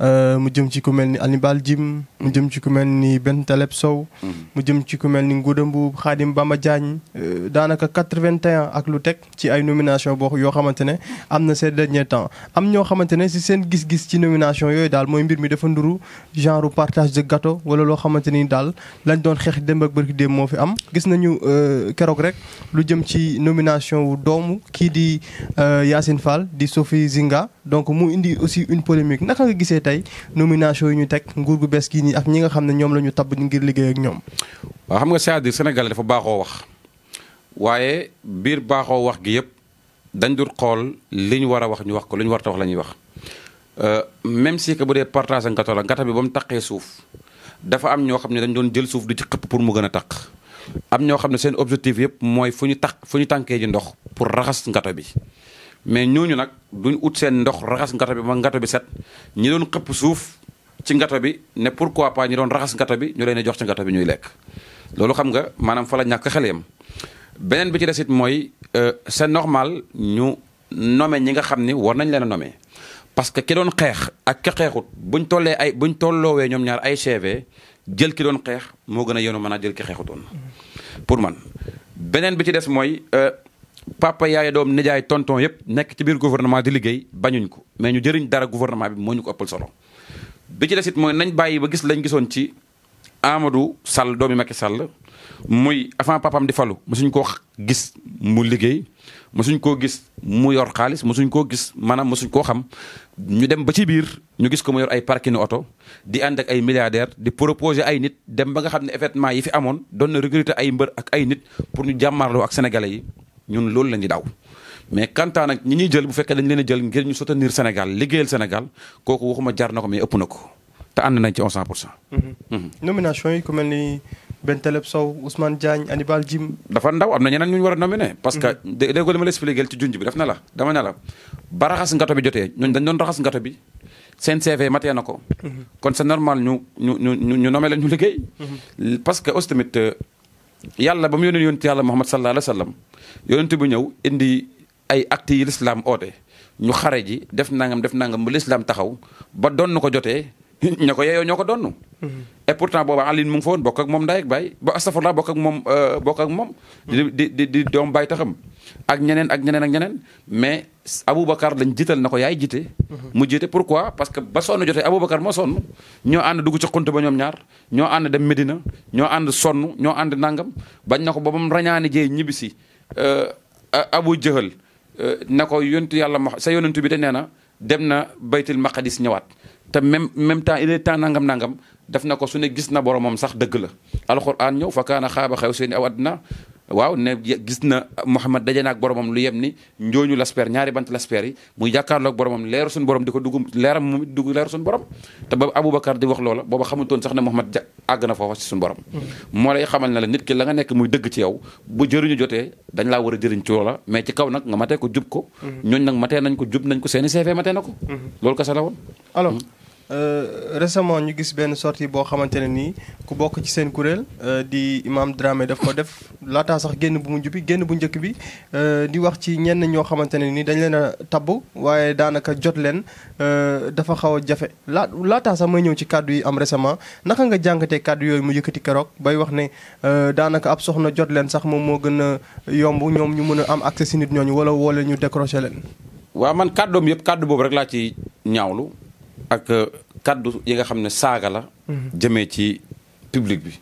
Euh, mu jëm ci ku mel ni Hannibal Djim mu jëm ci ku mel ni benn Taleb Sow mu jëm ci ku mel ni Ngouda Mboup Khadim Bamba Diagne euh, daanaka quatre-vingt-un ak lu teg ci ay nomination boo yoo xamante ne am na ces derniers temps am ñoo xamante ne si seen gis-gis ci nomination yooyu daal mooy mbir mi dafa nduru genre partage gato wala loo xamante ni daal lañ doon xeex démb ak bërki démb moo fi am gis nañu euh, keroog rek lu jëm ci nomination wu doomu kii di Yacine Fall di Sophie Zinga donc mu indi aussi une polémique naka nga gisee tey nomination yi ñu teg nguur gu bees gii nii ak ñi nga xam ne ñoom la ñu tabb ngir liggéey ak ñoom. waaw xam nga cest à Sénégal dafa baaxoo wax waaye biir baaxoo wax gi yëpp dañ dul xool li ñu war a wax ñu wax ko li ñu war a wax la ñuy wax euh, même si que bu dee partage ngato la ngata bi ba mu taqee suuf dafa am ñoo xam ne dañ doon jël suuf du ci xëpp pour mu gën a taq am ñoo xam ne seen objectif yëpp mooy fu ñu taq fu ñu tànkee ji ndox pour raxas ngato bi. mais ñooñu nag duñ ut seen ndox raxas ngato bi ba ngato bi set ñi doon xëpp suuf ci ngato bi ne pourquoi pas ñi doon raxas ngato bi ñu leen di jox ci ngato bi ñuy lekk loolu xam nga maanaam fa la ñàkk xel yam beneen bi ci desit mooy euh, c'est normal ñu nome ñi nga xam ni war nañ leen a nome parce que ki doon xeex ak ki xeexut buñ tollee ay buñ tolloowee ñoom ñaar ay CV jël ki doon xeex moo gën a yenu mën a jël ki xeexutoon pour man beneen bi ci des mooy euh, papa yaay doom nijaay tonton yëpp nekk ci biir gouvernement di liggéey bañuñ ko mais ñu jëriñ dara gouvernement bi moo ñu ko ëppal solo bi ci des it mooy nañ bàyyi ba gis lañ gisoon ci Amadou Sall doomi Macky Sall muy avant papam di falu mosuñ koo gis mu liggéey mosuñ koo gis mu yor xaalis mosuñ koo gis maanaam mosuñ koo xam ñu dem ba ci biir ñu gis ko mu yor ay parking oto di ànd ak ay milliardaire di proposer ay nit dem ba nga xam ne événement yi fi amoon doon na recruter ak ay nit pour ñu jàmmaarloo ak sénégalais yi ñun loolu la ñuy daw mais kantaan nag ñi ñuy jël bu fekkee dañ leen a jël ngir ñu soutenir Sénégal liggéeyal Sénégal kooku waxuma jar na ko mais ëpp na ko te ànd mm-hmm. Mm-hmm. na ñeneen ñu war a nominé. parce que mm-hmm. dé ma la expliqué ci junj bi na la dama ne la ba raxas ngato bi jotee ñooñu dañ doon raxas ngato bi seen CV matee ko. kon c'est normal ñu ñu ñu ñu leen ñu liggéey. parce que yàlla ba mu yónnee yonent yàlla Muhammad sallallahu alayhi wa sallam yonent bu ñëw indi ay actes yi lislaam oote ñu xare ji def nangam def nangam ba lislaam taxaw ba doon donn ko jotee ña ko yeyoo ñoo ko doon mm-hmm. et pourtant booba Alioune mu ngi fa woon moom Ndaye ak Baye ba astafurla bokk ak moom euh, bokk ak moom. di di di doom Baye taxam ak ñeneen ak ñeneen ak ñeneen mais Aboubacar lañ jiital na ko yaay jiite. Mhm. mu jiite pourquoi parce que ba sonn jotee Aboubacar moo sonn ñoo ànd dugg ci xunt ñoom ñaar ñoo ànd dem Medina ñoo ànd sonn ñoo ànd nangam bañ na ko ba mu jee ñibbisi euh, Abu Jahal euh, na ko yontu yàlla ma sa yonentu bi de nee na dem na baytul maqadis ñëwaat te même même temps il est temps nangam nangam. def ko su ne gis na boromam sax dëgg la alxuraan ñëw fa kaana xaaba xew seeni aw adna waaw ne gis na Muhammad daje na ak boromam lu yem ni njooñu lasper ñaari bant lasper yi muy jàkkaarloog boromam leeru suñu borom di ko dugg leeram mu dugg leeru suñu borom te ba Aboubacar di wax loola booba xamutoon sax ne Muhammad ja àgg na foofa si suñu borom moo lay xamal ne la nit ki la nga nekk muy dëgg ci yow bu jëriñu jotee dañ laa war jëriñ ci loola mais ci kaw nag nga matee ko jub ko mhm. ñooñ nag matee nañ ko jub nañ ko seeni CV matee na ko mhm. loolu kese la woon mhm. Euh, récemment ñu gis benn sortie boo xamante ne nii ku bokk ci seen kuréel euh, di Imam drame daf ko def laataa sax génn bu mujj bi génn bu njëkk bi euh, di wax ci ñenn ñoo xamante ne nii dañ leen a tabb waaye daanaka jot leen dafa xaw a jafe laa laataa sax may ñëw ci kàddu yi am récemment naka nga jàngatee kàddu yooyu mu keroog bay wax ne daanaka ab soxna jot leen sax moom moo gën a yomb ñoom ñu mën a am accès si nit ñooñu wala wala ñu décroché leen. waaw man kàddoom yëpp kàddu boobu rek laa ci ñaawlu. ak euh, kaddu yi nga xam ne saaga la. Mhm. jëmee ci public bi.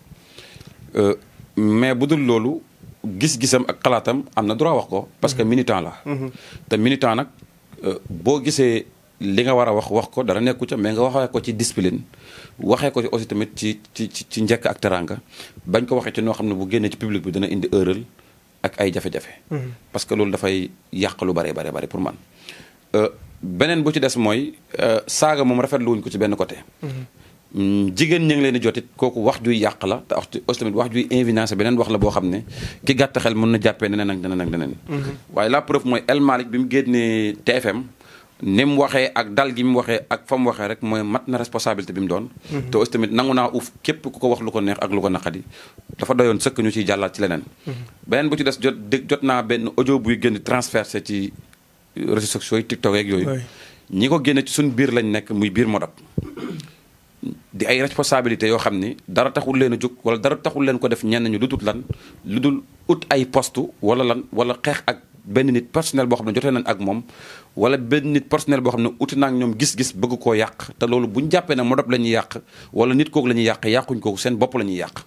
Euh, mais bu dul loolu gis-gisam ak xalaatam am na droit wax ko parce que mhm. militant la. Mhm. te militant nag euh, boo gisee li nga war a wax wax ko dara nekku ca mais nga waxee ko ci discipline. waxee ko ci aussi tamit ci ci ci njëkk ak teranga bañ ko waxee ci noo xam ne bu génnee ci public bi dana indi erreur ak ay jafe-jafe. parce loolu dafay yàq lu bare bare bare pour man. beneen bu ci des mooy euh, saaga moom rafetlu wuñ ko ci benn côté. Mm-hmm. jigéen ña ngi leen di jotit kooku wax juy yàq la te aussi tamit wax juy invinacé beneen la boo xam ne ki gàtt xel na jàppee neneen ak neneen ak neneen. Mm-hmm. la preuve bi mu génnee TFM. ni mu waxee ak dal gi mu waxee ak fa mu waxee rek mooy mat na responsabilité bi mu doon. Mm-hmm. te aussi tamit nangu naa ku ko wax lu ko neex ak lu ko naqadi dafa doyoon sëkk ñu ciy ci leneen. beneen bu ci des jot jot naa benn audio buy génn transversé ci. réseaux sociaux yi TikTok yeeg yooyu. ñi ko génne ci suñ biir lañu nekk muy biir Modap. di ay responsabilités yoo xam ne dara taxul leen a jóg wala dara taxul leen ko def ñenn ñu lu dul lan lu dul ut ay poste wala lan wala xeex ak benn nit personnel boo xam ne jotee nañ ak wala benn nit personnel boo xam ne uti naa ak ñoom gis-gis bëgg koo yàq te loolu bu ñu jàppee ne Modap la ñuy yàq wala nit kooku la ñuy yàq yàquñ kooku seen bopp la ñuy yàq.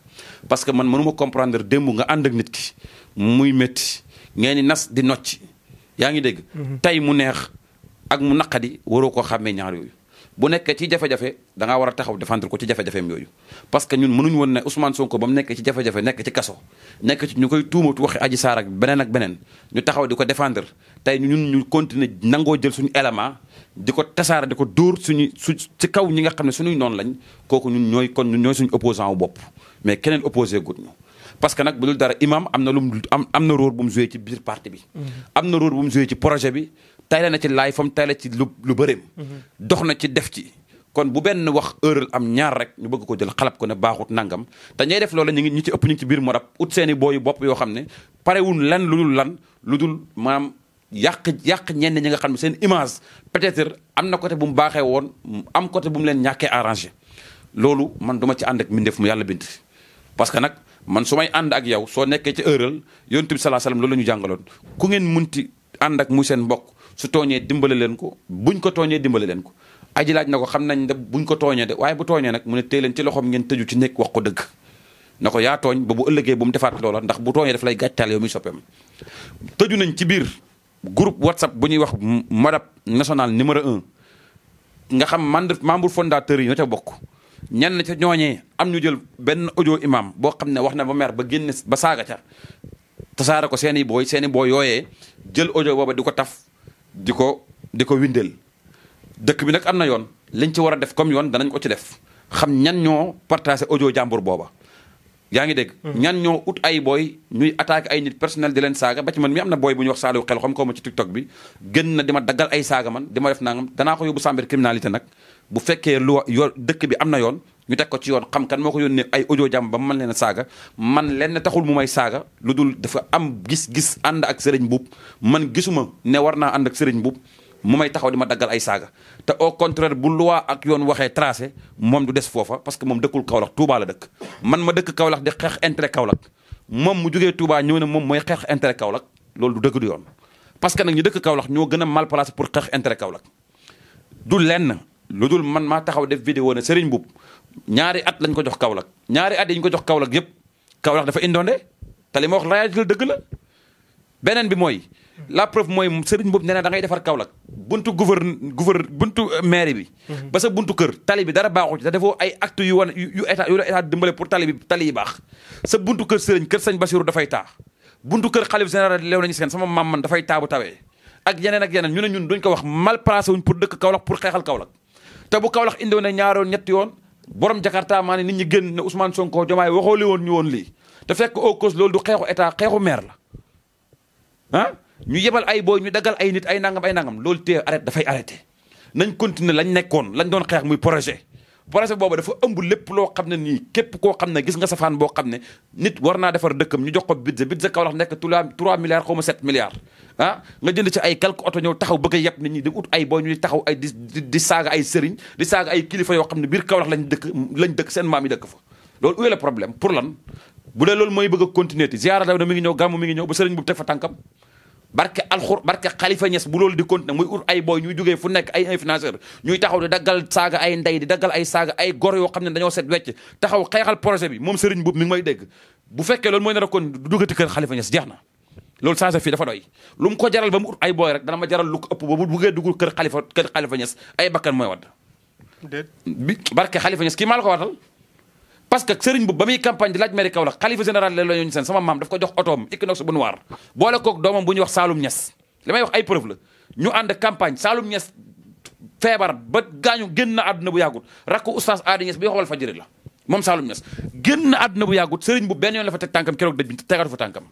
parce que man mënuma comprendre démb nga ànd ak nit ki muy métti ngeen di nas di nocci. yaa ngi dégg. Mhm. tey mu neex ak mu naqadi waroo ko xàmmee ñaar yooyu. bu nekkee ci jafe-jafe da ngaa war a taxaw défendre ko ci jafe-jafeem yooyu parce que ñun mënuñ woon ne Ousmane ko ba mu nekkee ci jafe-jafe nekk ci kaso nekk ci ñu koy tuumatu waxi aji saar ak beneen ak beneen ñu taxaw di ko defendre tey ñun ñu continuer nangoo jël suñu élément di ko tasaara di ko dóor suñu su ci kaw ñi nga xam ne suñuy noon lañ kooku ñun ñooy kon ñun ñooy suñu opposant wu bopp mais keneen opposé gut parce que nag bu dul dara imam am na lum am am na rôle bu mu joué ci biir parti bi. Mm-hmm. am na rôle mu joué ci projet bi tayle na ci laay fam tayle ci lu lu bëreem. Mm-hmm. dox na ci def ci. kon bu benn wax heure am ñaar rek ñu bëgg ko jël xalab ko ne baaxut nangam te ñay def loola ñu ngi ñu ci ëpp ñu ci biir morab ut seeni booyu bopp yoo xam ne parewul lan lu dul lan lu dul maanaam yàq yàq ñenn ñi nga xam ne seen image peut-être am na côté bu mu baaxee woon am côté bu leen ñàkkee arrangé loolu man duma ci ànd ak mbindeef mu yàlla bind parce man su may ànd ak yow soo nekkee ci ëral yonent bi salaa salaam la ñu jàngaloon ku ngeen munti ànd ak mu seen mbokk su tooñee dimbale leen ko buñ ko tooñee dimbale leen ko aji laaj na ko xam nañ ne buñ ko tooñee de waaye bu tooñee nag mu ne tey leen ci loxoom ngeen tëju ci nekk wax ko dëgg na ko yaa tooñ ba bu ëllëgee bu mu defaat loola ndax bu tooñee daf lay gàccaal yow muy soppeem tëju nañ ci biir groupe whatsapp bu ñuy wax modap national numéro un nga xam membre fondateur yi ñoo ca bokk ñenn ca ñooñee am ñu jël benn audio imam boo xam ne wax na ba mer ba génn ba saaga ca tasaare ko seen i booy seen i booy yooyee jël audio booba di ko taf di ko di ko windeel dëkk bi nag am na yoon liñ ci war a def comme yoon ko ci def xam ñan ñoo partagé audio jàmbur booba yaa ngi dégg mm-hmm. ñan ñoo ut ay booy ñuy attaqué ay nit personnel di leen saaga ba ci man mi am na booy bu ñuy wax saaliw xel xam ko ma tiktok bi gën na di daggal ay saaga man di ma def nangam danaa ko yóbbu chambre criminalité nag bu fekkee lu yoon dëkk bi am na yoon ñu teg ko ci yoon xam kan moo ko yónnee ay ojo jàmm ba man leen saaga man lenn taxul mu may saaga lu dul dafa am gis-gis ànd ak sëriñ buub man gisuma ne war naa ànd ak sëriñ buub mu may taxaw di ma daggal ay saaga te au contraire bu loi ak yoon waxee tracé moom du des foofa parce que moom dëkkul Kaolack Touba la dëkk man ma dëkk Kaolack di xeex intere Kaolack moom mu jógee Touba ñëw ne moom mooy xeex intérêt Kaolack loolu du dëgg du parce que nag ñu dëkk Kaolack ñoo gën a mal placé pour xeex intérêt Kaolack du lenn lu dul man maa taxaw def vidéo ne Serigne Mboup ñaari at lañ ko jox Kaolack ñaari at yi ñu ko jox Kaolack yëpp Kaolack dafa indoonde te ma wax laaj dëgg la beneen bi mooy la preuve mooy Serigne Mboup nee na da ngay defar Kaolack buntu gouverne gouverne buntu maire bi. Mhm. ba sa buntu kër tali bi dara baaxu ci defoo ay acte yu wan yu état pour tali bi tali baax sa buntu kër Serigne kër Sëñ Bassirou dafay taa buntu kër xalif général leew nañu seen sama maam man dafay taa bu tawe ak yeneen ak yeneen ñu ñun duñ ko wax mal placé pour dëkk Kaolack pour xeexal Kaolack te bu Kaolack indi woon ñaari yoon ñetti yoon borom Jakarta maa ne nit ñi génn ne Ousmane Sonko Diomaye waxooli woon ñu woon lii te fekk au cause loolu du xeexu état xeexu maire la ah ñu yebal ay booy ñu dagal ay nit ay nangam ay nangam loolu tee arrêté dafay arrêté nañ continuer lañ nekkoon lañ doon xeex muy projet projet boobu dafa ëmb lépp loo xam ne nii képp koo xam ne gis nga safaan boo xam ne nit war naa defar dëkkam ñu jox ko budget budget Kaolack nekk tula 3 milliards xaw ma 7 milliards ah nga jënd ci ay quelques oto ñëw taxaw bëgg a yeb nit ut ay boo ñuy taxaw ay di saaga ay sëriñ di saaga ay kilifa yoo xam ne biir Kaolack lañ dëkk dëkk seen maam yi dëkk fa loolu où est le problème pour lan bu dee loolu mooy bëgg a continuer ti ziara daw ngi ñëw gàmm mi ngi ñëw ba barke alxur barke xalifa ñes bu loolu di continuer muy ut ay booy ñuy jógee fu nekk ay influenceur ñuy taxaw di daggal saaga ay ndey di daggal ay saaga ay gor yoo xam ne dañoo set wecc taxaw xeexal projet bi moom sëriñ boobu mi dégg bu fekkee loolu mooy nar a kon du duggati kër xalifa ñes jeex na loolu changé fii dafa doy lu mu ko jaral ba mu ut ay booy rek dana ma jaral lu ko ëpp ba bu buggee dugg kër xalifa kër xalifa ñes ay bakkan mooy wadd bi barke xalifa ñes kii maa la ko watal parce que sëriñ bu ba muy campagne di laaj mairie Kaolack xalifa général la ñu seen sama maam daf ko jox otoom Equinox bu noir boole kook doomam bu ñuy wax Saloum Niass li wax ay preuve la ñu ànd campagne Saloum Niass feebar ba gaañu génn na bu yàggut rakku oustaz Aadi Niass bi xobal fajiri la moom Saloum Niass génn na àdduna bu yàggut sëriñ bu benn yoon la fa teg tànkam keroog dëj bi tegaatu fa tànkam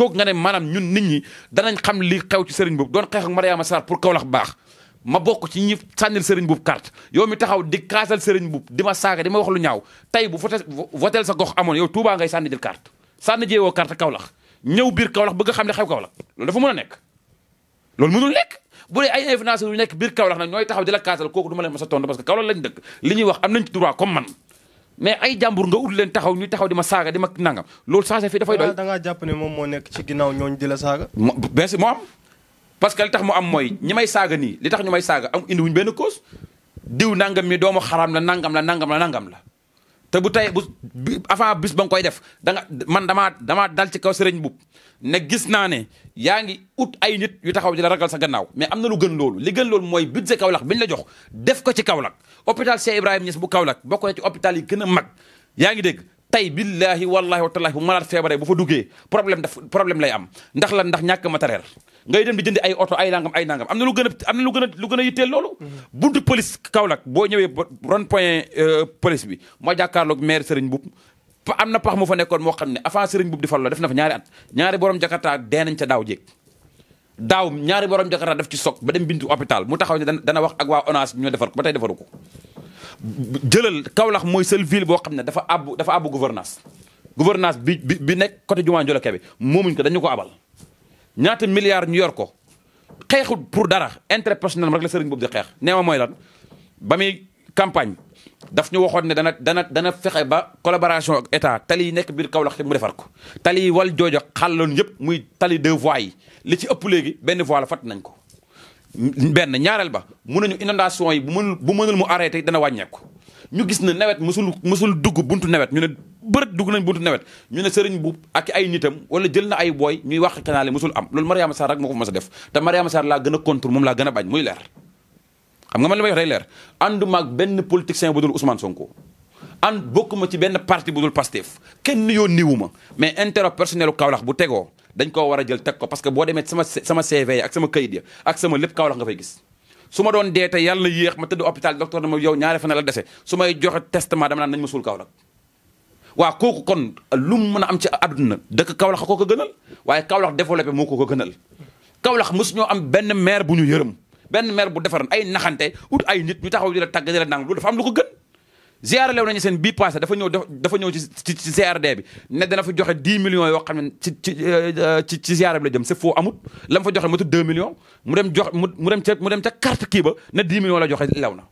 kooku nga ne maanaam ñun nit ñi danañ xam li xew ci sëriñ boobu doon xeex ak baax ma bokk ci ñi sànnil sëriñ buub carte yow mi taxaw di kaasal sëriñ buub di ma saaga di ma wax lu ñaaw tey bu voté votel sa gox amoon yow Touba ngay sànni jël carte sànni jee woo carte Kaolack ñëw biir Kaolack bëgg a xam ne xew Kaolack loolu dafa mën a nekk loolu mënul nekk bu dee ay influenceurs yu nekk biir Kaolack nag ñooy taxaw di la kaasal kooku du ma leen mës a tontu parce que Kaolack lañ dëkk li taxaw ñuy taxaw di ma saaga di ma nangam loolu changé fii dafay ah, jàpp ne moom moo nekk ci ginnaaw ñooñu di la saaga bien sûr moo parce que li tax mu am mooy ñi may saaga nii li tax ñu may saaga am indi benn cause diw nangam mi doomu xaram la nangam la nangam la nangam la te bu tey bu avant bis ba nga koy def da man damaa damaa dal ci kaw sëriñ bub ne gis naa ne yaa ngi ut ay nit yu taxaw di la ragal sa gannaaw mais am na lu gën loolu li gën loolu mooy budget Kaolack bi ñu la jox def ko ci Kaolack hôpital Cheikh Ibrahima Niass bu Kaolack bokk na ci hôpital yi gën a mag yaa ngi dégg tey billahi wallahi wa tallahi bu malade feebaree bu fa duggee problème daf problème lay am ndax lan ndax ñàkk matériel ngay dem di jëndi ay oto ay nangam ay nangam am na lu gën am na lu gën a lu gën a yitteel loolu mhm. buntu police Kaolack boo ñëwee rond point euh, police bi moo jàkkaarloog maire Serigne Boub am na pax mu fa nekkoon moo xam ne avant Serigne Boub di fallo def na fa ñaari at ñaari borom jakarta dee nañ ca daaw jéeg daaw ñaari borom jakarta daf ci soog ba dem bintu hôpital mu taxaw ne dana wax ak waa ONAS ñu defar ko ba ko jëlal kawlax mooy seule boo xam ne dafa abu dafa abu gouvernance gouvernance bi bi bi nekk côté jumaa Joloke bi moomuñ ko dañu ko abal ñaata milliards ñu yor ko xeexul pour dara intérêt personnel rek la sëriñ boobu di xeex nee ma mooy lan ba muy campagne daf ñu waxoon ne dana dana dana fexe ba collaboration ak état tali yi nekk biir Kaolack te mu defar ko tali yi wal joojo xàlloon yëpp muy tali de voies yi li ci ëpp léegi benn voie la fat nañ ko benn ñaareel ba mun nañu inondation yi bu mënul bu mënul mu arrêté dana wàññeeku ñu gis ne nawet mësul mësul dugg buntu nawet ñu ne bërët dugg nañ buntu nawet ñu ne sëriñ bu ak ay nitam wala jël na ay booy ñuy wax kanaale mësul am loolu Mariama Sarr rek moo ko mës a def te Mariama Sarr laa gën a contre moom laa gën a bañ muy leer xam nga ma li may wax day leer ànduma ak benn politicien bu dul Ousmane Sonko ànd bokkuma ci benn parti bu dul Pastef kenn yónniwu ma mais intérêt personnel u bu tegoo dañ koo war a jël teg ko parce que boo demee sama sama CV ak sama kayit ya ak sama lépp Kaolack nga fay gis su ma doon dee te yàlla na yéex ma tëdd hôpital docteur na ma yow ñaari fan la dese su may joxe testament dama naan nañ ma suul Kaolack waaw kooku kon lu mu mën a am ci àdduna dëkk kawlax koo ko gënal waaye Kaolack développé moo ko ko gënal Kaolack mosu ñoo am benn maire bu ñu yërëm benn maire bu defaran ay naxante ut ay nit ñu taxaw di la tàgg di la nang am lu ko ziar lew nañu seen bii passé dafa ñëw dafa ñëw ci ci CRD bi ne dana fa joxe 10 millions yoo xam ne ci ci euh, ci ziar bi la jëm c'est faux amut la mu fa joxe matu 2 millions mu dem jox mu dem ca mu dem ca carte kii ba ne 10 millions la joxe lew na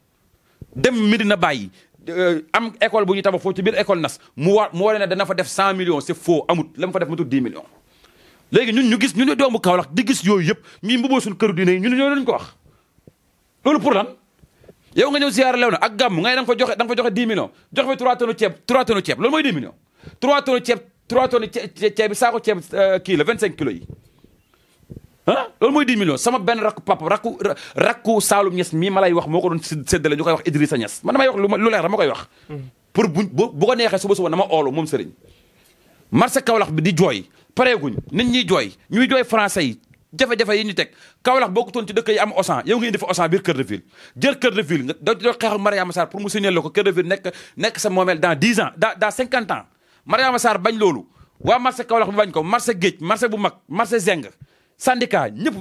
dem Medina Baye euh, am école bu ñuy tabax foofu ci biir école nas mu war mu war ne dana fa def 100 millions c'est faux amut la mu fa def matu léegi ñu ñu gis ñu ne doomu Kaolack di gis yooyu yëpp ñuy mbuboo suñu këru diine yi ñun ñoo leen ko wax loolu pour lan yow nga ñëw siyaare lew na ak gàmm nga ne da nga fa joxe da nga fa joxe 10 millions jox fa 3 tonnes ceeb 3 tonnes ceeb loolu mooy 10 millions 3 tonnes ceeb 3 tonnes saako ceeb euh, kii la 25 kilos loolu mooy 10 millions sama benn rakku papa rakku rakku Saalum Niass mii ma lay wax moo ko doon séddale ñu koy wax Idrissa Niass man damay wax lu leer dama koy wax hmm. pour bu bu ko neexee na suba dama oolu moom sëriñ marché Kaolack bi di jooy pareeguñ nit ñiy jooy ñuy jooy français yi jafe-jafe yi ñu teg Kaolack bokkutoon ci dëkk yi am Auchan yow nga indi fa Auchan biir Cœur de Ville jël Cœur de Ville nga da doon xeex ak Mariama Sarr pour mu signer la ko Cœur de nekk sa moomeel dans 10 ans dans dans 50 ans Mariama bañ loolu waa marché Kaolack bi bañ ko marché Géej marché bu mag marché Zeng syndicat ñëpp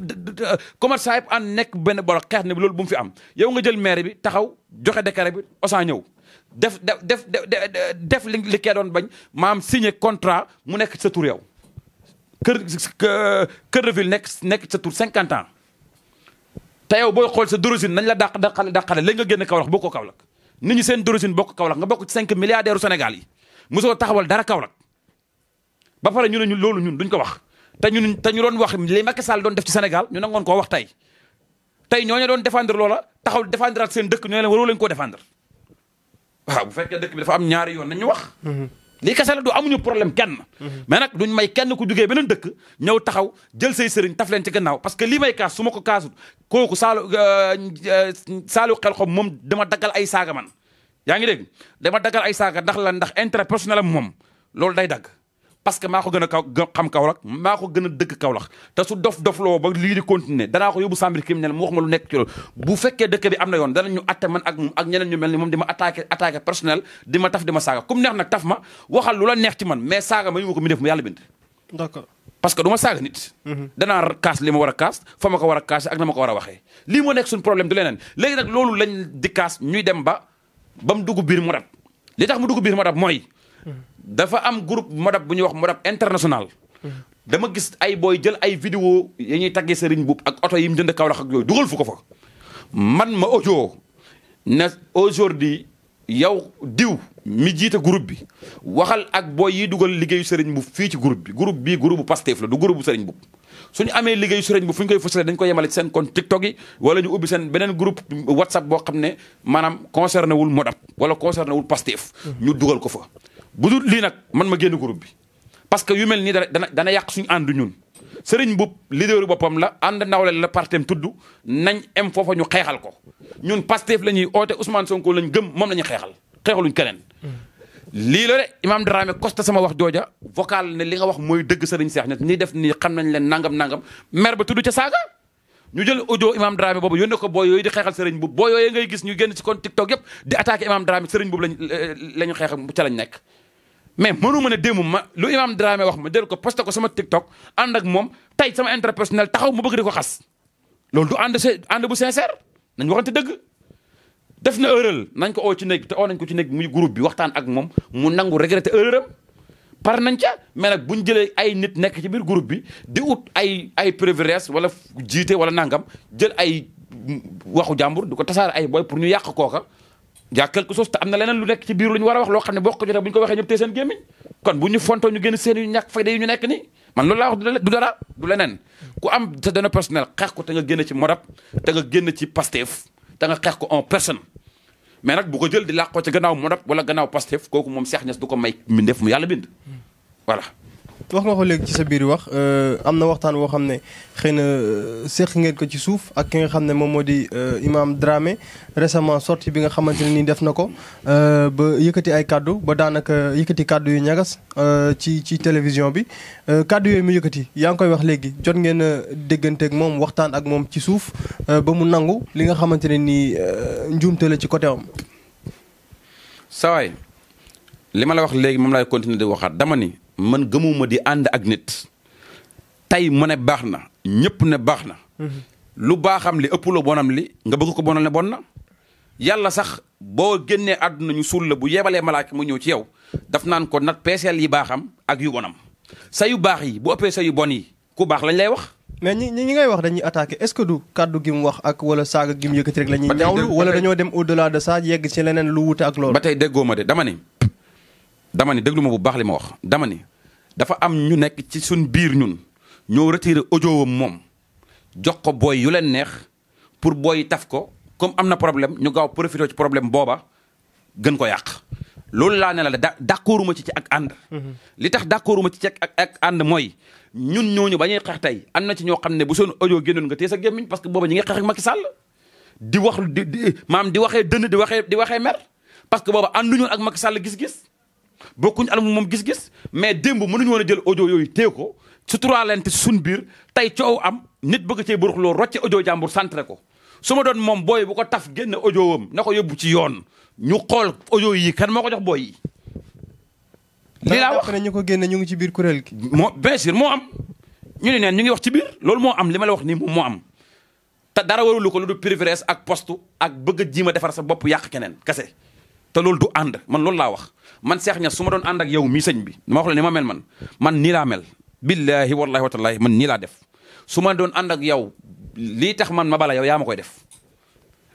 commerçant yëpp ànd nekk benn bolo xeex bi loolu bu mu fi am yow nga jël maire bi taxaw joxe décret bi Auchan ñëw def def def def li li kee doon bañ maam signer contrat mu nekk sa tur yow kër kër de ville nekk nekk sa tur cinquante ans te yow booy xool sa dorosine nañ la dàq dàqale dàqale léegi nga génn Kaolack bokkoo Kaolack nit ñu seen d'origine bokk Kaolack nga bokk ci 5 milliardaires u Sénégal yi soo taxawal dara Kaolack ba pare ñu ne ñu loolu ñun duñ ko wax te ñun te doon wax li Macky Sall doon def ci Sénégal ñu nangoon koo wax tey tey ñooñu doon défendre loola taxaw défendre seen dëkk ñoo leen waroo leen koo défendre waaw bu fekkee dëkk bi dafa am ñaari yoon nañ ñu wax. Mm-hmm. lii kese amuñu problème kenn. mais nag duñ may kenn ku jugee beneen dëkk ñëw taxaw jël say sëriñ taf leen ci gannaaw parce que li may kaas suma ko kaasu kooku saalu euh, euh, saalu xel xom moom dama daggal ay saaga man. yaa ngi dégg dama daggal ay saaga ndax la ndax intérêt personnel am moom loolu day dagg. parce que maa ko gën a kaw a dëkk Kaolack te su dof dof loo ba lii di continuer danaa ko yóbbu chambre criminelle mu wax ma lu nekk ci loolu bu fekkee dëkk bi am na yoon danañ ñu man ak ñeneen ñu mel ni moom di ma attaqué attaqué personnel di ma taf di ma saaga comme neex nag taf ma waxal lu la neex ci man mais saaga ma ñu ma ko mi def mu yàlla bind parce que du ma saaga nit mm-hmm. danaa kaas li ma war a kaas fa ma ko war a kaas ak na ma ko war a waxee lii moo nekk suñu problème du leneen léegi nag loolu lañ di kaas ñuy dem ba ba mu dugg biir mu rab li tax mu dugg biir mu rab mooy mm-hmm. dafa am groupe modab bu ñuy wax modab international. dama gis ay booy jël ay vidéo ya ñuy taggee sëriñ buub ak oto yi mu jënd Kaolack ak yooyu dugal fu ko fa. man ma audio ne aujourd'hui yow diw mi jiite groupe bi waxal ak booy yi dugal liggéeyu sëriñ bu fii ci groupe bi group bii groupe bu Pastef la du group bu sëriñ bu suñu amee liggéeyu sëriñ bu fu ñu koy fësalee dañ koy yemale seen kon TikTok yi wala ñu ubbi seen beneen groupe WhatsApp boo xam ne maanaam concerné wul Modap wala concerné wul Pastef mm. ñu dugal ko fa bu dul nag man ma génn groupe bi parce que yu mel nii dana dana yàq suñu ànd ñun sëriñ buub leader boppam la ànd nawleel la partem tudd nañ em foofa ñu xeexal ko ñun Pastef la ñuy oote Ousmane Sonko lañ gëm moom nañu xeexal xeexaluñ keneen. lii la de Imaam Dramé Costa sama wax jooja vocal ne li nga wax mooy dëgg sëriñ Seex ñu ñi def nii xam nañ leen nangam nangam mer ba tudd ca saaga. ñu jël audio Imaam Dramé boobu yónnee ko boo yooyu di xeexal sëriñ buub boo yooyee ngay gis ñu génn ci compte TikTok euh, lañu nekk. mais mënu ma ne démb ma lu Imaam Dramé wax ma jël ko posté ko sama TikTok ànd ak moom tey sama interpersonnel taxaw ma bëgg di ko xas loolu du ànd see ànd bu sincère nañ waxante dëgg. def na erreur nañ ko oo ci nekk te oo nañ ko ci néeg muy groupe bi waxtaan ak moom mu nangu regretté erreur am par nañ ca mais nag bu ñu jëlee ay nit nekk ci biir groupe bi di ut ay ay privilèges wala jiite wala nangam jël ay waxu jàmbur du ko tasaare ay boy pour ñu yàq kooka. yaa quelque chose te am na leneen lu nekk ci biir lu ñu war a wax loo xam ne bokk ñu rek bu ñu ko waxee seen yu ñàkk fayda yu ñu nekk nii man loolu laa wax du dara du leneen ku am sa données personnelles xeex ko te nga génn ci modab te nga génn ci Pastef te nga xeex ko en personne mais nag bu ko jël di làqoo ci gannaaw modab wala gannaaw Pastef kooku moom Cheikh Niass du ko may mbindeef mu yàlla bind voilà wax nga ko léegi ci sa biir wax euh, am na waxtaan woo xam ne xëy na euh, seq ngeen ko ci suuf ak ki nga xam ne moom moo di euh, Imam drame récemment sorti bi nga xamante ne nii def na ko ba yëkkati ay kàddu ba daanaka yëkkati kàddu yu ñagas ci ci télévision bi kàddu yooyu mu yëkkati yaa ngi koy wax léegi jot ngeen a moom waxtaan ak moom ci suuf ba mu nangu li nga xamante ne nii njuumte la ci côté am. sawaay li ma la wax léegi moom laay continuer di waxaat dama man gëmuma di ànd ak nit tey mu ne baax na ñëpp ne baax na mhm. lu baaxam li ëpp lu bonam li nga bëgg ko bonal ne bon na yàlla sax boo génnee àdduna ñu suul la bu yebalee malaaka mu ñëw ci yow daf naan ko nat peeseel yi baaxam ak yu bonam sa yu baax yi bu ëppee sa yu bon yi ku baax lañ lay wax mais ñi ñi ngay wax dañuy attaqué est-ce que du kàddu gi wax ak wala saaga gi mu yëkkati rek la ñuy ñaawlu wala dañoo dem au-delà de ça yegg ci leneen lu wute ak loolu ba tey déggoo ma de dama ne dama ni déglu bu baax li ma wax dama ni dafa am ñu nekk ci suñ biir ñun ñoo retiré audio am moom jox ko booy yu leen neex pour booy taf ko comme am na problème ñu gaaw profité ci problème booba gën ko yàq. loolu laa ne la da d'accorduma ci ci ak ànd. Mm-hmm. li tax d'accorduma ci ci ak ak ànd mooy ñun ñooñu ba ñuy xeex tey am na ci ñoo xam ne bu seen audio génnoon nga tee sa gémmiñ parce que booba ñi ngi xeex ak Macky Sall di wax di maam di waxee dënn di waxee di waxee mer parce que booba ànduñu ak Macky Sall gis-gis. bokkuñ anam moom gis-gis mais démb mënuñu woon a jël audio yooyu téye ko suturaalante suñ biir tey coow am nit bëgg cee burux loolu rocce audio jàmbur santre ko su ma doon moom booy bu ko taf génn audio am na ko yóbbu ci yoon ñu xool audio yi kan moo ko jox booy yi. wax ne ñu ko génne ñu ngi ci biir kuréel gi. moo bien sûr moo am ñu ne neen ñu ngi wax ci biir loolu moo am li ma la wax nii moom moo am te dara warulu ko lu du privilège ak poste ak bëgg jiima defar sa bopp yàq keneen kese. te loolu du ànd man loolu laa wax man Cheikh Niass su doon ànd ak yow mii sëñ bi ma wax la ni ma mel man man nii laa mel billaahi wallaahi watallaahi man nii laa def su ma doon ànd ak yow lii tax man ma bala yow yaa ma koy def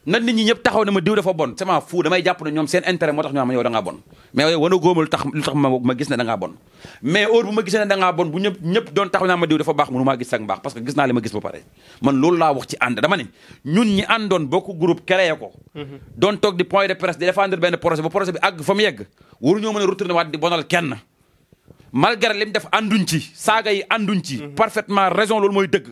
nan nit ñi ñëpp taxaw ne ma diw dafa bon sama fou damay jàpp ne ñoom seen intérêt moo tax ñu ma yow da ngaa bon mais wana góomal tax lu tax ma gis ne da ngaa bon mais heure bu ma gisee ne da bon bu ñun ñi àndoon bokk groupe créé ko mhm. doon toog di point de presse di défendre benn projet ba projet bi àgg fa mu yegg waru ñoo mën a retourner waat di kenn malgré li def ànduñ saaga yi ànduñ mhm. parfaitement raison loolu mooy dëgg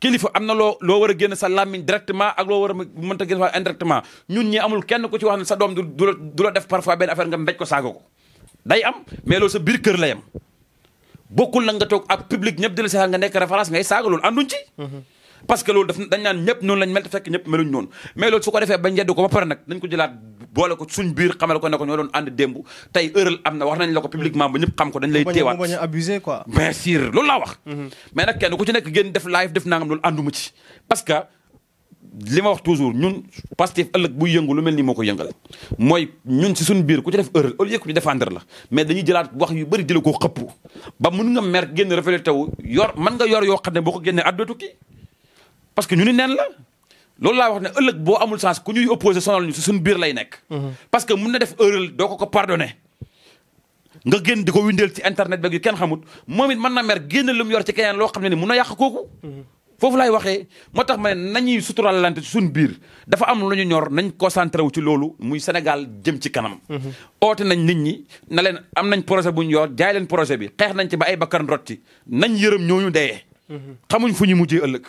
kilifa am na loo loo war a génn sa làmmiñ directement ak loo war a mënta génn sa indirectement ñun ñi amul kenn ku ci wax ne sa doom du du la def parfois benn affaire nga mbéj ko saaga ko day am mais loolu sa biir kër la yam bokkul nag nga toog a public ñëpp di la seetaan nga nekk référence ngay saaga loolu ànduñ ci mm-hmm. parce que loolu daf dañ naan ñëpp noonu lañ mel te fekk ñëpp meluñ noonu mais loolu su ko defee bañ yedd ko ba pare nag dañ ko jëlaat boole ko a mhm. kenn ku nekk génn def live def nangam loolu ànduma que li ma wax toujours ñun Pastef ëllëg buy yëngu lu mel nii moo ko yëngal mooy ñun si suñu biir ku ci def erreur au lieu ku mais dañuy jëlaat wax yu bëri di la mun nga mer génn révéler taw yor mën nga yor yoo xam ne boo ko génnee addu tukki parce que ñu ni neen la loolu laa wax ne ëllëg boo amul sens ku ñuy ñu si suñu biir lay nekk. Mhm. parce que mun na def erreur doo ko ko pardonné. nga génn di ko windeel ci internet beeg yu kenn xamut moom it mën na mer génn lu mu yor ci keneen loo xam ne ni mun a yàq kooku. Mhm. foofu laay waxee moo tax ma ne nañuy suturalante ci suñu biir dafa am lu ñu ñor nañ concentré wu ci loolu muy Sénégal jëm ci kanam. Mhm. oote nañ nit ñi na leen am nañ projet bu ñu yor jaay leen projet bi xeex nañ ci ba ay bakkan rot ci nañ yërëm ñooñu dee. xamuñ fu ñu mujjee ëllëg.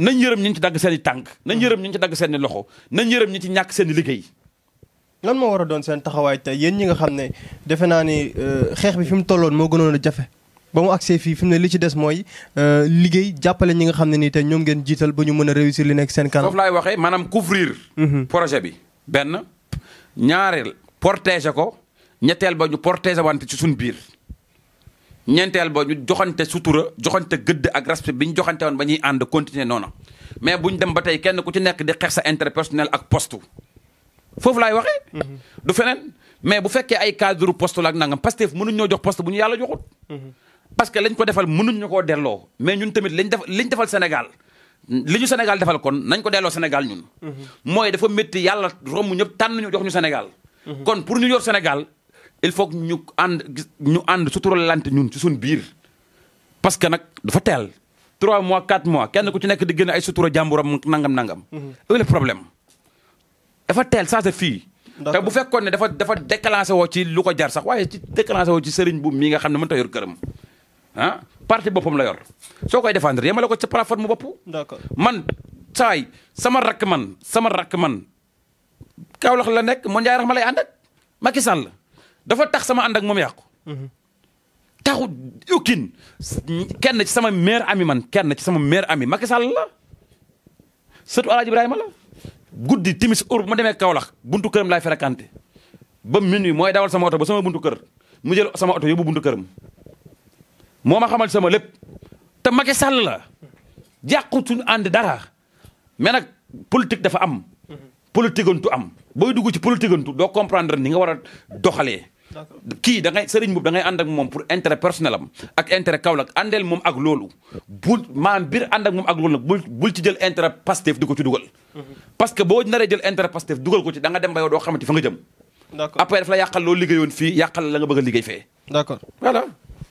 nañ yërëm ñi ci dagg seen i tànk nañ yërëm ñi ci dagg seen i loxo nañ yërëm ñi ci ñàkk seen liggéey lan moo war a doon seen taxawaay tey yéen ñi nga xam ne defe naa ni euh, xeex bi fi mu tolloon moo gënoon a jafe ba mu agsee fii fi mu ne li ci des mooy euh, liggéey jàppale ñi nga xam ne nii tey ñoom ngeen jiital ba ñu mën a réussir li nekk seen kanam. foofu laay waxee maanaam couvrir. Mhm. projet bi benn ñaareel. protéger ko ñetteel ba ñu protéger wante ci suñu biir. ñeenteel ba ñu joxante sutura joxante gëdd ak respect bi ñu joxante woon ba ñuy ànd continuer noonu mais bu ñu dem ba tey kenn ku ci nekk di xeex sa intérêt personnel ak poste foofu laay waxee. Mhm. du feneen mais bu fekkee ay cadre poste la ak nangam Pastef mënuñ ñoo jox poste bu ñu yàlla joxut. Mhm. parce que lañ ko defal mënuñ ñu koo delloo mais ñun tamit lañ def liñ defal Sénégal. li ñu Sénégal defal kon nañ ko delloo Sénégal ñun. Mhm. mooy dafa métti yàlla romb ñëpp tànn ñu jox ñu Sénégal. kon pour ñu yor Sénégal. il faut ñu ànd ñu ànd suturalante ñun ci suñ biir parce que nag dafa teel trois mois quatre mois kenn ku ci nekk di génne ay sutura jàmburam nangam nangam. eux mhm. problème dafa teel saa sa fii. te bu fekkoon ne dafa dafa déclenché woo ci lu ko jar sax waaye ci déclenché woo ci sëriñ bu mii nga xam ne mënut a yor këram ah boppam la yor soo koy défendre yemale ko ci plateforme bopp. man saay sama rakk man sama rakk man Kaolack la nekk moo Ndiaye rax ma lay ànd ak Macky dafa tax sama ànd ak moom yàqu. Mhm. taxu yukkin kenn ci sama mère ami man kenn ci sama mère ami Macky Sall la sëtu Alaaji Ibrahima la guddi timis heure bu ma demee Kaolack buntu këram laay fréquenté ba minuit mooy dawal sama oto ba sama buntu kër mu jël sama oto yóbbu buntu këram moo ma xamal sama lépp te Macky Sall la jàqu ànd dara mais nag politique dafa am mhm. politique tu am booy dugg ci politikantu doo comprendre ni nga war a doxalee. kii da ngay sëriñ boobu da ngay ànd ak moom pour intérêt personnel am ak intérêt Kaolack àndeel moom ak loolu. bu maanaam biir ànd ak moom ak loolu nag bul bul ci jël intérêt Pastef di ko ci dugal. Mhm. parce boo naree jël intérêt Pastef dugal ko ci da nga dem ba yow doo xamante fa nga jëm. d'accord après daf la yàqal loo liggéeyoon fii yàqal la nga bëgg a liggéey fee. d'accord voilà.